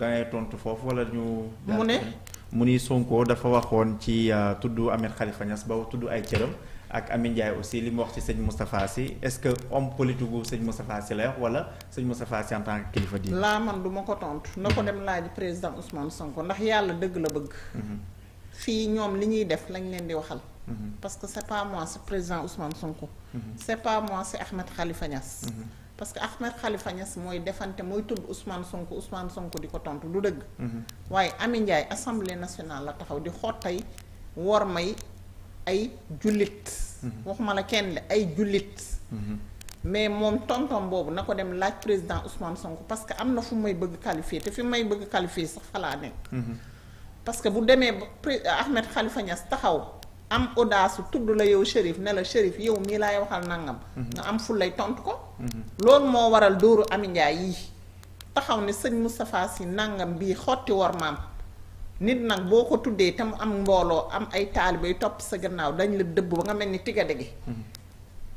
que tontu foofu wala ñu. mu ne mu ni Sonko dafa waxoon ci euh, tudd Ahmed Khalifa Niass ba tudd ay cëram ak Amine Ndiaye aussi li mu wax ci sëñ Moustapha si est-ce que homme politique gu sëñ Moustapha Sy lay wax wala sëñ Moustapha Sy en kilifa diine. laa man du ma ko tontu. na ko dem laaj président Ousmane Sonko ndax yàlla dëgg la bëgg. Mhm. fii ñoom li ñuy def lañ leen di waxal. Mhm. parce que c'est pas moi c'est président Ousmane Sonko. Mhm. c'est pas moi c'est Ahmed parce que Ahmed Khalifa Niass mooy defante mooy tudd Ousmane Sonko Ousmane Sonko di ko tontu du dëgg. Mm-hmm. waaye Ami Ndiaye assemblée nationale la taxaw di xottay wor may ay jullit. Mm-hmm. waxuma la kenn ay jullit. Mm-hmm. mais moom tontom boobu na ko dem laaj président Ousmane Sonko parce que am na fu may bëgg qualifié te fi may bëgg qualifié sax falaa nekk. parce que bu demee ba Ahmed Khalifa Niass taxaw. am audace tudd la yow shérif ne la shérif yow mii laay waxal nangam. Mhm. nga am fu lay tontu ko. Mhm. loolu moo waral dóoru Ami Njaay yi taxaw ne sëñ Moustapha Sy nangam bi xotti war maam nit nag boo ko tuddee te mu am mbooloo am ay taalibay topp sa gannaaw dañ la dëbb ba nga mel ni gi mhm.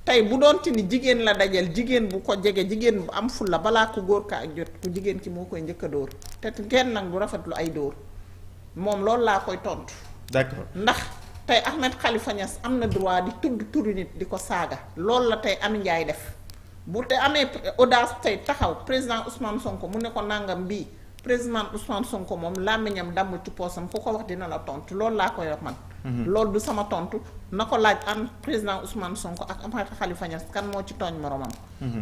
tey bu doonte ni jigéen la dajal jigéen bu ko jege jigéen bu am ful la balaa ku góor ka ak jot ku jigéen ki moo koy njëkk a dóor te kenn nag du rafetlu ay dóor moom loolu laa koy tontu. tey Ahmed Khalifa Niass am na droit di tudd turu nit di ko saaga loolu la tey Amy Ndiaye def bu te amee audace tey taxaw président Ousmane sonk mu ne ko nangam bii président Ousmane sonk moom làmmiñam damm ci poosam ku ko wax dina la tontu loolu laa koy wax man. Mhm. loolu du sama tontu na ko laaj am président Ousmane sonk ak Ahmed Khalifa Niass kan moo ci tooñ moroomam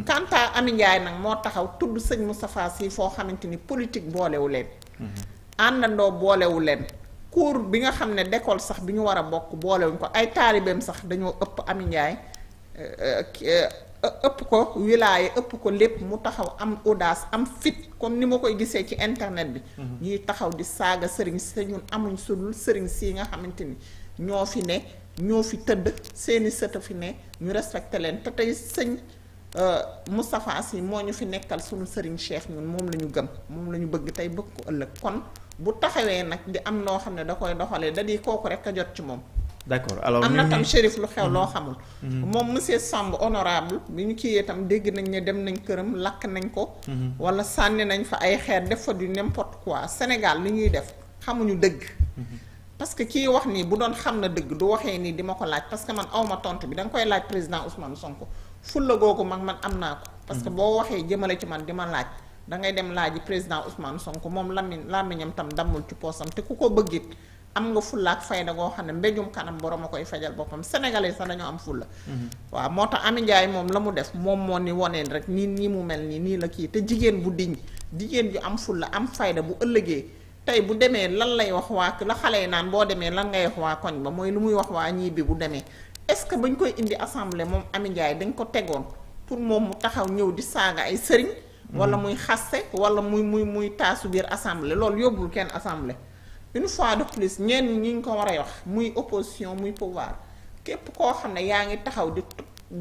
quant mhm. à Amy Ndiaye nag moo taxaw tudd sëñ Moustapha Sy foo xamante ni politique boolewu leen. Mhm. àndandoo boolewu leen. cours bi nga xam ne d'école sax bi ñu war a bokk boolewuñ ko ay taalibeem sax dañoo ëpp Ami Ndiaye euh, euh, ëpp ko wilaaye ëpp ko lépp mu taxaw am audace am fit comme ni ma koy gisee ci internet bi mhm. ñuy taxaw di saaga sëriñ si ñun amuñ sudul sëriñ si nga xamante ni ñoo fi ne ñoo fi tëdd seeni sët fi ne ñu respecté leen te tey sëñ euh, Moustapha Sy moo ñu fi nekkal suñu sëriñ Cheikh ñun moom la ñu gëm moom la ñu bëgg tey bëgg ko ëllëg kon bu taxawee nag di am noo xam ne da koy doxalee da kooku rek a jot ci moom. d'accord alors am na tam shérif lu xew mm-hmm. loo xamul. Mm-hmm. moom monsieur Samb honorable bi ñu kiiyee tam dégg nañ ne dem nañ këram lakk nañ ko. Mm-hmm. wala sànni nañ fa ay xeer def fa du n'importe quoi Sénégal li ñuy def xamuñu dëgg. parce que kii wax nii bu doon xam na dëgg du waxee nii di ma ko laaj parce que man awma tontu bi da koy laaj président Ousmane Sonko fulla googu mag man am naa ko. parce que boo waxee jëmale ci man di ma laaj. da ngay dem laaji président Ousmane Sonko moom làmmiñ làmmiñam tam dammul ci poosam te ku ko bëggit am nga fulla ak fayda goo xam ne mbéjum kanam borom a koy fajal boppam sénégalais sa dañoo am fulla mhm. waaw moo tax Ami Ndiaye moom la mu def moom moo ni woneen rek nii nii mu mel nii nii la kii te jigéen bu diñ jigéen ju am fulla am fayda bu ëllëgee tey bu demee lan lay wax waa la xale yi naan boo demee lan ngay waa koñ ba mooy lu muy wax waa ñii bi bu demee est-ce que bañ koy indi assemblée moom Ami Ndiaye dañ ko tegoon pour moom mu taxaw ñëw di saaga ay sëriñ wala mm. muy xaste wala muy muy muy taasu biir assemblée loolu yóbbul kenn assemblée une fois de plus ñeen ñi ñu ko war a wax muy opposition muy pouvoir képp koo xam ne yaa ngi taxaw di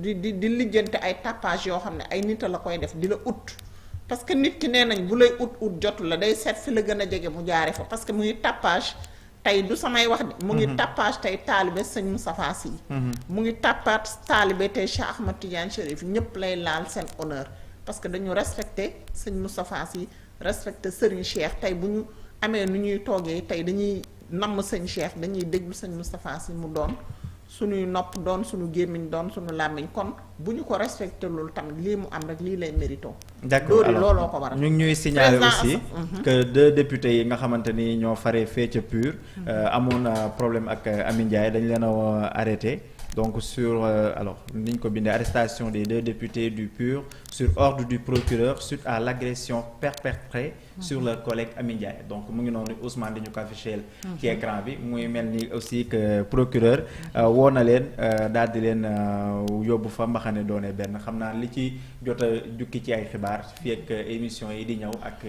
di di di lijjante ay tapage yoo xam ne ay nit a la koy def di la ut parce que nit ki nee nañ bu lay ut ut jotu la day seet fi la gën a jege mu jaare fa parce que muy tapage tey du samay wax de mu ngi mm-hmm. tapage tey taalibe sëñ Moustapha Sy mm-hmm. mu ngi tapage taalibe tey Cheikh Ahmad Tidiane Chérif ñépp lay laal seen honneur parce que dañu respecté sëñ Moustapha Sy respecté Serigne Cheikh tey bu ñu amee nu ñuy toogee tey dañuy namm sëñ Cheikh dañuy déglu sëñ Moustapha Sy mu doon suñuy nopp doon suñu gémmiñ doon suñu làmmiñ kon bu ñu ko respecté loolu tamit lii mu am rek lii lay mérito d'accord alors looloo ko waral ñu ngi ñuy signaler aussi mhm. que de députés yi nga xamante ni ñoo faree fee ca PUR mhm. euh, amoon a euh, problème ak euh, Amy dañ leen a arrêté donc sur euh, alors ni ñu ko bindee arrestation des deux députés du PUR sur ordre du procureur suite à l'agression perpétrée sur le collègue Ami Ndiaye donc mu ngi noonu Ousmane ñu ko affiché ci mhm. muy mel ni aussi que procureur euh, woo na leen euh, daal di leen euh, yóbbu fa mbaxane doone benn xam naa li ci jot a jukki ci ay xibaar fii émission yi di ñëw ak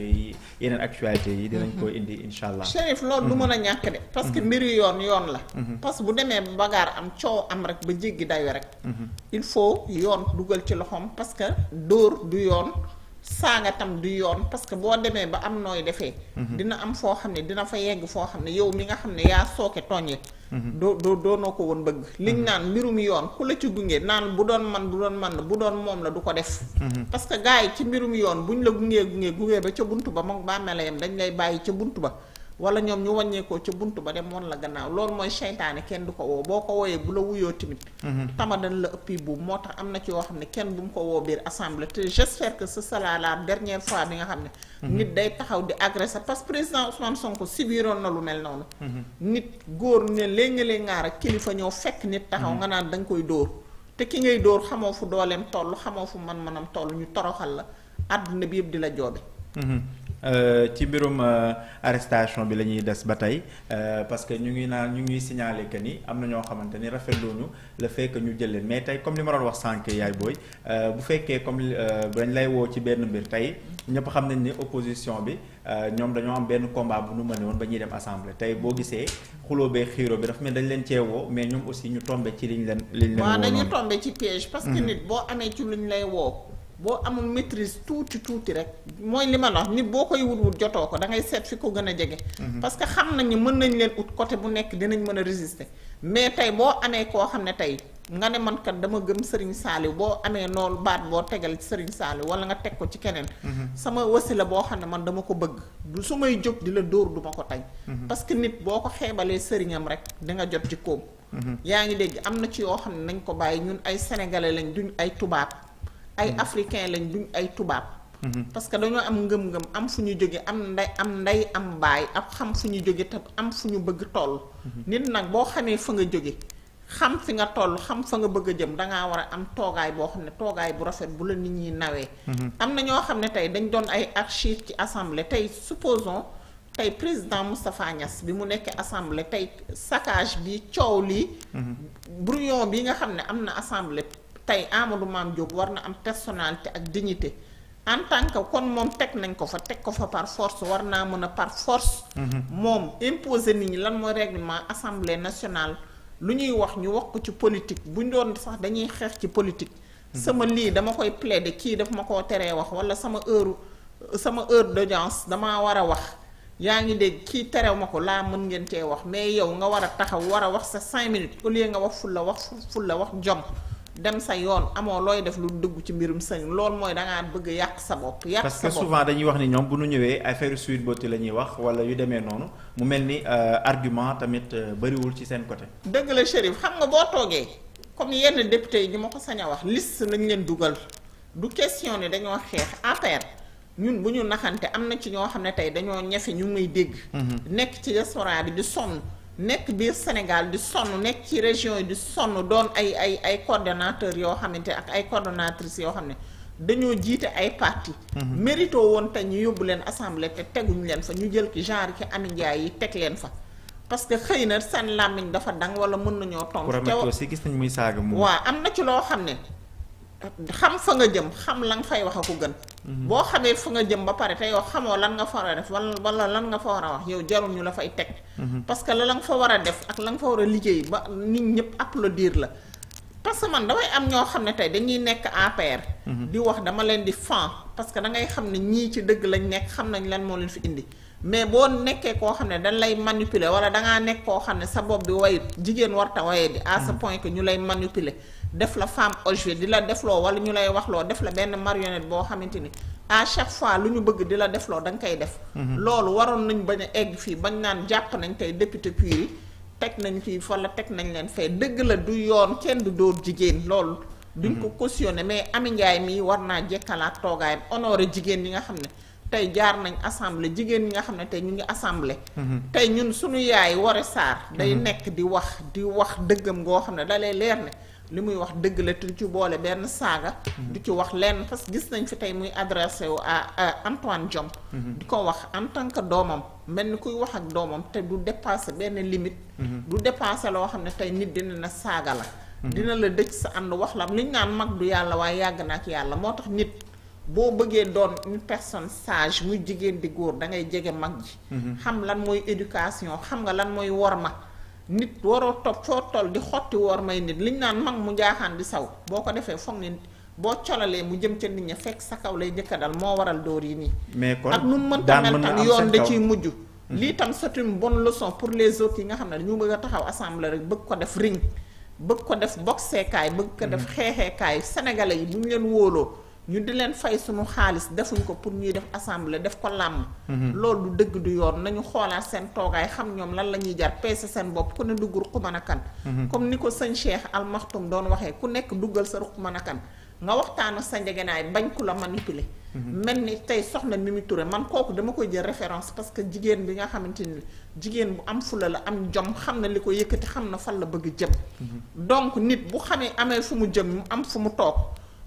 yeneen actualité yi dinañ mhm. ko indi incha allah. Chérif loolu du mhm. mën a ñàkk de parce que mbiru yoon yoon la parce que bu demee bagaar am coow am rek ba jéggi dayo rek il faut yoon dugal ci loxoom parce que dóor du yoon saaga tam du yoon parce que boo demee ba am nooy defee. Mhm. dina am foo xam ne dina fa yegg foo xam ne yow mi nga xam ne yaa sooke tooñe. Mhm. doo doo doonoo ko woon bëgg. liñ mhm. naan mbirum yoon ku la ci gunge naan bu doon man bu doon man la bu doon moom la du ko def. parce que yi ci mbirum yoon buñ la gungee gungee gungee ba ca bunt ba moom bàmmeelayam dañ lay bàyyi ca bunt ba. wala ñoom ñu wàññeekoo ca bunt ba dem woon la gannaaw loolu mooy seytaane kenn du ko woo boo ko wooyee bu la wuyoo tamit mhm. tamadan la ëppi buub moo tax am na ci yoo xam ne kenn bu mu ko woo biir assemblée te j'espère que ce sera la fois bi nga xam ne mhm. nit day taxaw di agressé parce que président Ousmane Sonko biiroon na lu mel noonu mhm. nit góor ne léeg-léeg naar ak kilifa ñoo fekk nit taxaw nga naan da koy dóor te ki ngay dóor xamoo fu dooleem toll xamoo fu man-manam toll ñu toroxal la àdduna bi yëpp di la joobe Euh, ci mbirum euh, arrestation bi la ñuy des ba tey euh, parce que ñu ngi naan ñu ngi signaler que ni am na ñoo xamante ni rafetlu ñu le fait ñu jël leen mais tey comme li ma doon wax sànq yaay booy bu fekkee comme dañ lay woo ci benn mbir tey ñëpp xam nañ ni opposition bi ñoom dañoo am benn combat bu nu mëne woon ba ñuy dem assemblée tey boo gisee xuloo bee xiiroo bi dafa mel dañ leen ceewoo mais ñoom aussi ñu tombé ci liñ leen liñ leen waaw dañu tombé ci piège parce que mm. nit boo amee ci luñ lay woo boo amul maîtrise tuuti tuuti rek mooy li ma la wax nit boo koy wut wut jotoo ko da ngay seet fi ko gën a jege. Mhm. parce que xam nañu mën nañ leen ut côté bu nekk dinañ mën a résister mais tey boo amee koo xam ne tey nga ne man dama gëm Serigne Saliou boo amee noonu baat boo tegal Serigne Saliou wala nga teg ko ci keneen. Mhm. sama wasi la boo xam ne man dama ko bëgg du su may jóg di la dóor duma ko tey. Mhm. parce que nit boo ko xeebalee sëriñam rek di nga jot ci koom. yaa ngi dégg am na ci yoo xam ne nañ ko bàyyi ñun ay sénégalais lañ duñ ay tubaab. ay mm. africain lañ duñ ay tubaab mm-hmm. parce que dañoo am ngëm-ngëm am fu ñu jóge am nday am nday am baay ab xam fu ñu jóge te am fu ñu bëgg toll mm-hmm. nit nag boo xamee fa nga jóge xam fi nga toll xam fa nga bëgg a jëm dangaa war a am toogaay boo xam ne toogaay bu rafet bu la nit ñi nawee mm-hmm. am na ñoo xam ne tey dañ doon ay archive ci assemblée tey supposons tey président Moustapha Niass bi mu nekkee assemblée tey saccage bi coow lii brouillon bi nga xam ne am na assemblée tey Amadou Mame Diop war na am personnalité ak dignité en tant que kon moom teg nañ ko fa teg ko fa par force war naa mën a par force. Mhm. moom imposer nit ñi lan mooy réglement assemblée nationale lu ñuy wax ñu wax ko ci politique buñ doon sax dañuy xeex ci politique. Mhm. sama lii dama koy de kii daf ma ko teree wax wala sama heure sama heure d'audience damaa war a wax. yaa ngi dégg kii terew ma ko laa mën ngeen cee wax mais yow nga war a taxaw war a wax sa cinq au lieu nga wax fulla wax fulla wax jom dem sa yoon amoo looy def lu dugg ci mbirum sëñ loolu mooy da bëgg yàq sa bopp. yàq sa bopp parce que souvent dañuy wax ni ñoom bu ñu ñëwee affaire Sweet Beauté la ñuy wax wala yu demee noonu mu mel ni euh, argument tamit euh, bëriwul ci seen côté. dëgg la Chérif xam nga boo toogee comme yenn député yi ñu ma ko sañ wax liste lañ leen dugal du question ni dañoo xeex affaire ñun bu ñu naxante am na ci ñoo xam ne tey dañoo ñefe ñu muy dégg. Mm-hmm. nekk ci restaurant nekk biir Sénégal di sonn nekk ci région yi di sonn doon ay ay ay coordonnateurs yoo xamante ak ay coordonnatrices yoo xam ne dañoo jiite ay parti mhm. mérito woon te ñu yóbbu leen assemblée te teguñu leen fa ñu jël ki genre ki Amy Ndiaye yi teg leen fa parce que xëy na seen làmmiñ dafa dang wala mën nañoo tontu. te aussi gis nañ muy saaga moom. waaw am na ci loo xam ne. xam fa nga jëm xam la nga fay wax a ko gën. Mhm. boo xamee fa nga jëm ba pare te yow xamoo lan nga fa war a def wala wala lan nga fa war a wax yow jarul ñu la fay teg. Mhm. parce que la la nga fa war a def ak la nga fa war a liggéey ba nit ñëpp applaudir la. parce que man damay am ñoo xam ne tey dañuy nekk APR. Mhm. di wax dama leen di fan parce que da ngay xam ne ñii ci dëgg lañ nekk xam nañ lan moo leen fi indi mais boo nekkee koo xam ne dañ lay manipuler wala dangaa nekk koo xam ne sa bopp bi wayut jigéen warta waye di à ce point que ñu lay manipuler. def la femme objet di la defloo wala ñu lay waxloo def la benn marionnette boo xamante ni à chaque fois lu ñu bëgg di la defloo da nga koy def. Mhm. loolu waroon nañ ba ne egg fii bañ naan jàpp nañ tey député pur yi teg nañ fii fa la teg nañ leen fay dëgg la du yoon kenn du dóor jigéen loolu. duñ ko mhm. cautionné mais Amy mii war naa jekkalaat toogaayam honoré jigéen ñi nga xam ne tey jaar nañ assemblée jigéen ñi nga xam ne tey ñu ngi assemblée. Mhm. tey ñun suñu yaay Woré saar day nekk di wax di wax dëggam goo xam ne da leer ne. li muy wax dëgg la te du ci boole benn saaga. du ci wax lenn parce que gis nañ fi tey muy adressé wu a Antoine Diome. Mhm. di ko wax en tant que doomam mel ni kuy wax ak doomam te du dépassé benn limite. Mhm. du dépassé loo xam ne tey nit dina na saaga la. Mhm. dina la dëj sa ànd wax la li ñu naan mag du yàlla waaye yàgg na ak yàlla moo tax nit. boo bëggee doon une personne sage muy jigéen di góor da ngay jege mag ji. xam lan mooy éducation xam nga lan mooy war worma. nit waroo topp foo toll di xotti woor may nit li ñu naan mag mu jaaxaan di saw boo ko defee foog ne boo colalee mu jëm ca nit ña fekk sa kaw lay njëkk dal moo waral dóor yi nii. mais kon ak nu mu mënta mel tam yoon da ciy mujj. Mhm. lii tam c'est une bonne leçon pour les autres yi nga xam ne dañu bëgg a taxaw assemblée rek bëgg ko def ring bëgg ko def boxeekaay bëgg ko def mhm. xeexeekaay sénégalais yi bu ñu leen wóoloo. ñu di leen fay suñu xaalis defuñ ko pour ñuy def assemblée def ko làmm. Mhm. loolu du dëgg du yoon nañu xoolaat seen toogaay xam ñoom lan la ñuy jar peese seen bopp ku ne dugg ruq mën a kan. Mhm. comme ni ko sëñ Cheikh Al doon waxee ku nekk duggal sa ruq mën a kan nga waxtaan ak sa njegenaay bañ ku la man manipuler. Mhm. mel ni tey soxna Mimi Touré man kooku dama koy jël référence parce que jigéen bi nga xamante ni jigéen bu am fula la am jom xam na li ko yëkkati xam na fan la bëgg jëm. donc nit bu xamee amee fu mu jëm mu am fu mu toog.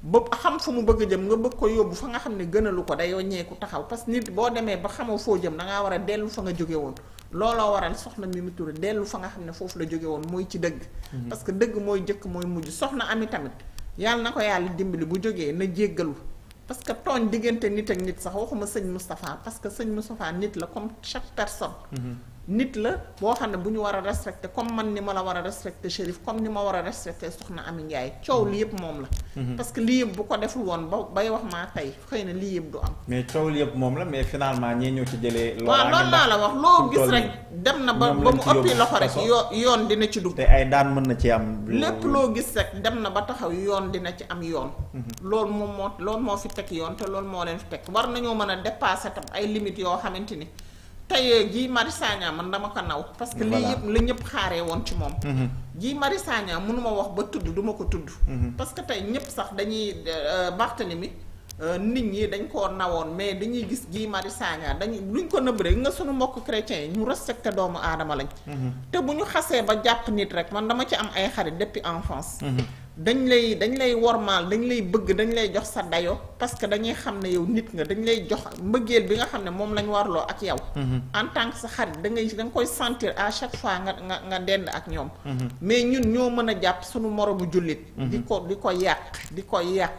ba xam fu mu bëgg a jëm nga bëgg ko yóbbu fa nga xam ne gënalu ko day wàññeeku taxaw parce que nit boo demee ba xamoo foo jëm da ngaa war a dellu fa nga jóge woon looloo waral soxna mu Touré dellu fa nga xam ne foofu la jóge woon mooy ci dëgg mhm. parce que dëgg mooy jëkk mooy mujj soxna ami tamit yàlla na ko yàlla dimbali bu jógee na jéggalu parce que tooñ diggante nit ak nit sax waxuma sëñ mustafaa parce que sëñ Moustapha nit la comme chaque personne mhm. nit la boo xam ne bu ñu war a respecté comme man ni ma la war a respecté Chérif comme ni ma war a respecté soxna Ami Ndiaye coow li yëpp moom la. Mhm. parce que lii yëpp bu ko deful woon ba bay wax maa tey xëy na lii yëpp du am. mais coow li yëpp moom la mais finalement ñee ñoo ci jëlee. waaw loolu laa la loo gis rek dem na ba ba mu yoo yoon dina ci dugg. ay daan mën na ci am. lépp loo gis rek dem na ba taxaw yoon dina ci am yoon. Mhm. loolu moom moo loolu moo fi teg yoon te loolu moo leen fi teg war nañoo mën a dépasser tam ay limites yoo xamante ni. tey Guy mari Sagna man dama ko naw parce que lii yëpp la ñëpp xaaree woon ci moom mhm. Guy mari Sagna mënuma wax ba tudd duma ko tudd mhm. parce que tey ñëpp sax dañuy euh, Barthélemy euh, nit ñi dañ koo nawoon mais dañuy gis Guy Marius Sagna dañu luñ ko nëbb rek nga suñu mbokk chrétien yi ñu respecté doomu aadama lañ mhm. te bu ñu xasee ba jàpp nit rek man dama ci am ay xarit depuis enfance dañ lay dañ lay wormaal dañ lay bëgg dañ lay jox sa dayo parce que dañuy xam ne yow nit nga dañ lay jox mbëggeel bi nga xam ne moom lañ warloo ak yow. Mm-hmm. en tant que sa xarit da ngay da koy sentir à chaque fois nga nga nga dend ak ñoom. Mm-hmm. mais ñun ñoo mën a jàpp sunu moromu jullit. Mm-hmm. di ko di ko yàq di ko yàq.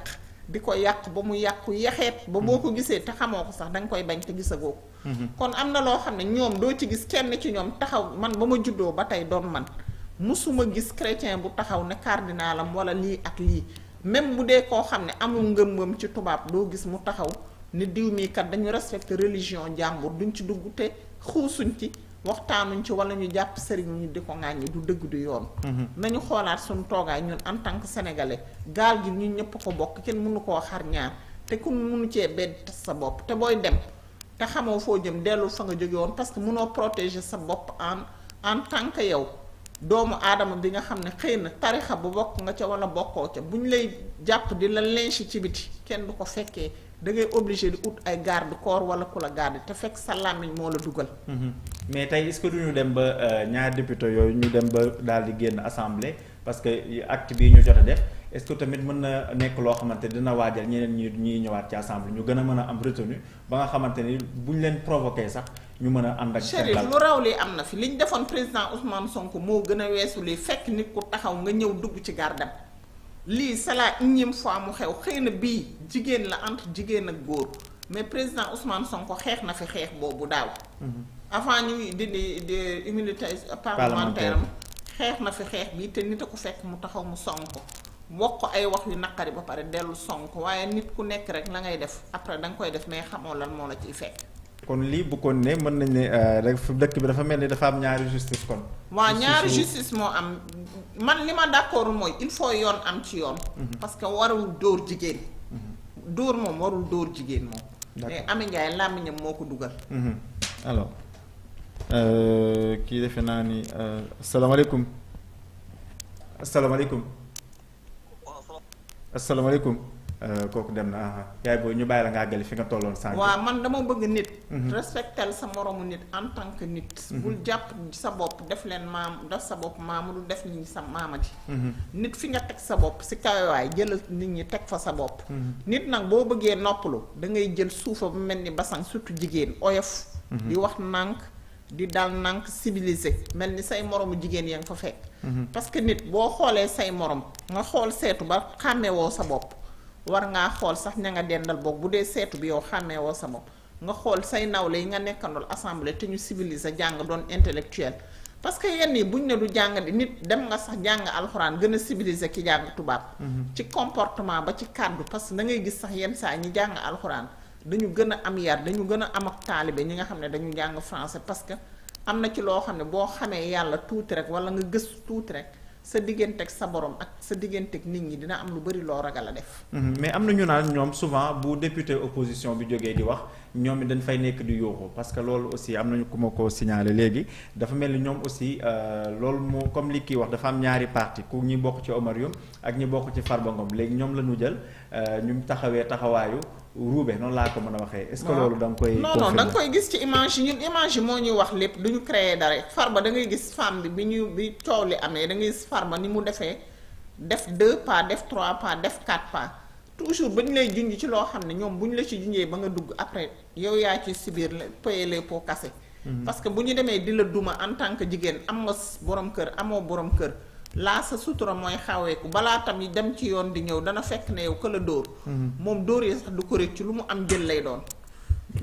di ko yàq ba mu yàqu yaxeet ba boo ko gisee te xamoo ko sax da nga koy bañ te gisagoo ko. kon am na loo xam ne ñoom doo ci gis kenn ci ñoom taxaw man ba ma juddoo ba tey doon man. mosuma gis chrétien bu taxaw ne cardinalam wala lii ak lii même bu dee koo xam ne amul ngëm ci tubaab doo gis mu taxaw ne diw mii kat dañu respecté religion jàmbur duñ ci dugg te xuusuñ ci waxtaanuñ ci wala ñu jàpp sëriñ ñu di ko ŋàññi du dëgg du yoon. Mhm. nañu xoolaat suñu toogaay ñun en tant que sénégalais gaal gi ñun ñëpp ko bokk kenn mënu koo xar ñaar te ku mu mënu cee bedd tas sa bopp te booy dem te xamoo foo jëm dellu fa nga jóge woon parce que mënoo protéger sa bopp en en tant que yow. doomu aadama bi nga xam ne xëy na tarixa bu bokk nga ca wala bokkoo ca bu ñu lay jàpp di la lynch ci biti kenn du ko fekkee dangay ngay obligé di ut ay garde corps wala ku la garde te fekk sa làmmiñ moo la dugal. Mm-hmm. mais tey est du ñu dem ba euh, ñaar député yooyu ñu dem ba daal di génn assemblée parce que acte bii ñu jot a def est-ce que tamit mën na nekk loo xamante dina waajal ñeneen ñi ñuy ñëwaat ci assemblée ñu gën a mën a am retenu ba nga xamante ni bu ñu leen provoqué sax. ñu mën a ànd ak. Chérif lu raw lii am na fi li ñu defoon président Ousmane sonk moo gën a weesu lii fekk nit ku taxaw nga ñëw dugg ci gardem lii c'est la énième fois mu xew xëy na bii jigéen la entre jigéen ak góor mais président Ousmane Sonko xeex na fi xeex boobu daaw. Mhm. avant ñuy dindi di immunité parlementaire am xeex na fi xeex bi te nit a fekk mu taxaw mu sonk wax ko ay wax yu naqari ba pare dellu sonk waaye nit ku nekk rek la ngay def après danga koy def mais xamoo lan moo la ciy fekk. kon lii bu kon ne mën nañ ne euh, rek dëkk bi dafa mel ni dafa am ñaari justice kon. waaw ñaari justice moo am man li ma d'accord mooy il faut yoon am ci yoon. Mhm. parce que warul dóor jigéen. Mhm. dóor moom warul dóor jigéen moom. mais Amy Ndiaye làmmiñam moo ko dugal. Mhm. alors euh, kii defe naa ni euh, asalaamaaleykum asalaamaaleykum asalaamaaleykum. Euh, kooku dem na aha yaay booy ñu bàyyi la nga àggali fi nga tolloon sànq. waaw man dama bëgg nit. Mhm. respectel sa moroomu nit en tant que nit. Mhm. bul jàpp sa bopp def leen maam def sa bopp maamu lu def nit ñi sa maama ji. Mhm. nit fi nga teg sa bopp si kawewaay jëlal nit ñi teg fa sa bopp. nit nag boo bëggee noppalu da ngay jël suufa bu mel ni basang surtout jigéen oyof. di wax nànk di dal nànk civilisé mel ni say moromu jigéen yaa ngi fa fekk. parce que nit boo xoolee say morom nga xool seetu ba xàmmewoo sa bopp. war ngaa xool sax ña nga dendal boog bu dee seetu bi yow xàmmee woo sa bopp nga xool say nawle yi nga nekkandool assemblée te ñu civilisé jàng doon intellectuel parce que yenn yi buñ ne du jàng di nit dem nga sax jàng alxuraan gën a civilisé ki jàng tubaab. Mhm. ci comportement ba ci kàddu parce que da ngay gis sax yenn saa ñi jàng alxuraan dañu gën a am yar dañu gën a am ak taalibe ñi nga xam ne dañu jàng français parce que am na ci loo xam ne boo xamee yàlla tuuti rek wala nga gës tuuti rek. sa digganteeg sa borom ak sa digganteeg nit ñi dina am lu bari loo ragal a def. Mhm. mais am na ñu naan ñoom souvent bu député opposition bi jógee di wax. ñoom it dañ fay nekk di yóoxu parce que loolu aussi am nañu ku ma ko signalé léegi dafa mel ni ñoom aussi euh, loolu moo comme li kii wax dafa am ñaari parti ku ñi bokk ci Omar Youm ak ñi bokk ci Farba Ngom léegi ñoom la ñu jël euh, ñu taxawee taxawaayu ruube noonu laa ko mën a waxee. est-ce loolu da nga koy. non non da nga koy gis ci image yi ñun image yi moo ñuy wax lépp du ñu créer dara Farba da ngay gis femme bi bi ñu bi coow li amee da ngay gis Farba ni mu defee def deux pas def trois pas def quatre pas. toujours ba ñu lay junj ci loo xam ne ñoom bu ñu la ci junjee ba nga dugg après yow yaa ci si biir payer les pots cassés mm-hmm. parce que bu ñu demee di la duma en tant que jigéen am nga boroom kër amoo borom kër laa sa sutura mooy xaweeku balaa tam yi dem ci yoon di ñëw dana fekk ne yow ka la dóor mm-hmm. moom dóor sax du ko rëcc lu mu am jël lay doon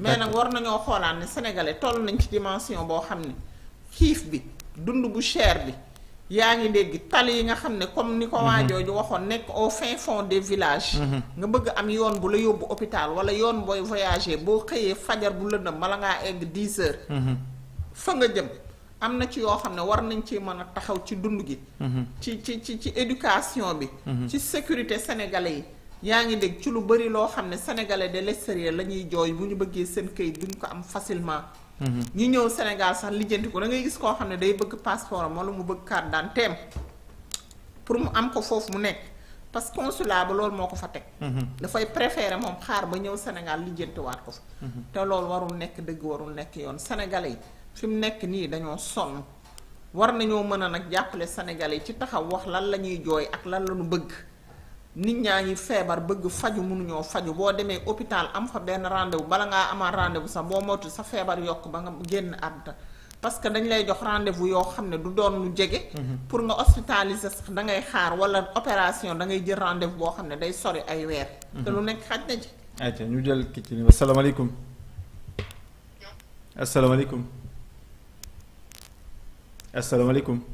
mais nag war nañoo xoolaan ne sénégalais toll nañ ci dimension boo xam ne xiif bi dund bu cher bi yaa ngi dégg tali yi nga xam ne comme ni ko waajooju mhm. waxoon nekk au fin fond des village mhm. nga bëgg am yoon bu la yóbbu hôpital wala yoon booy voyager boo xëyee fajar bu lëndëm bala ngaa egg dix heures mhm. fa nga jëm am na ci yoo xam ne war nañ ci mën a taxaw ci dund gi ci ci ci ci éducation bi ci sécurité sénégalais yi yaa ngi dégg ci lu bari loo xam ne sénégalais de l'extérieur la ñuy jooy bu ñu bëggee seen këyit duñ ko am facilement Mm-hmm. ñu ñëw Sénégal sax lijjanti ko da ngay gis koo xam ne day bëgg passeport am wala mu bëgg carte d'identité am pour mu am ko foofu mu nekk parce que consulat ba loolu moo ko fa teg. Mm-hmm. dafay préférer moom xaar ba ñëw Sénégal lijjantiwaat ko fa. Mm-hmm. te loolu warul nekk dëgg warul nekk yoon sénégalais yi fi mu nekk nii dañoo sonn war nañoo mën a nag jàppale sénégalais yi ci taxaw wax lan la ñuy jooy ak lan la ñu bëgg. nit ñaa ngi feebar bëgg faju mënuñoo faju boo demee hôpital am fa benn rendez bu bala ngaa amaat rendez bu sax boo moytu sa feebar yokk ba nga génn àdduna parce que dañ lay jox rendez bu yoo xam ne du doon lu jege. Mhm. pour nga hospitaliser sax da ngay xaar wala opération da ngay jël rendez-vous boo xam ne day sori ay weer. Mhm. te lu nekk xaj na ci. ayca ñu jël kii ci asalaamaaleykum. asalaamaaleykum. asalaamaaleykum.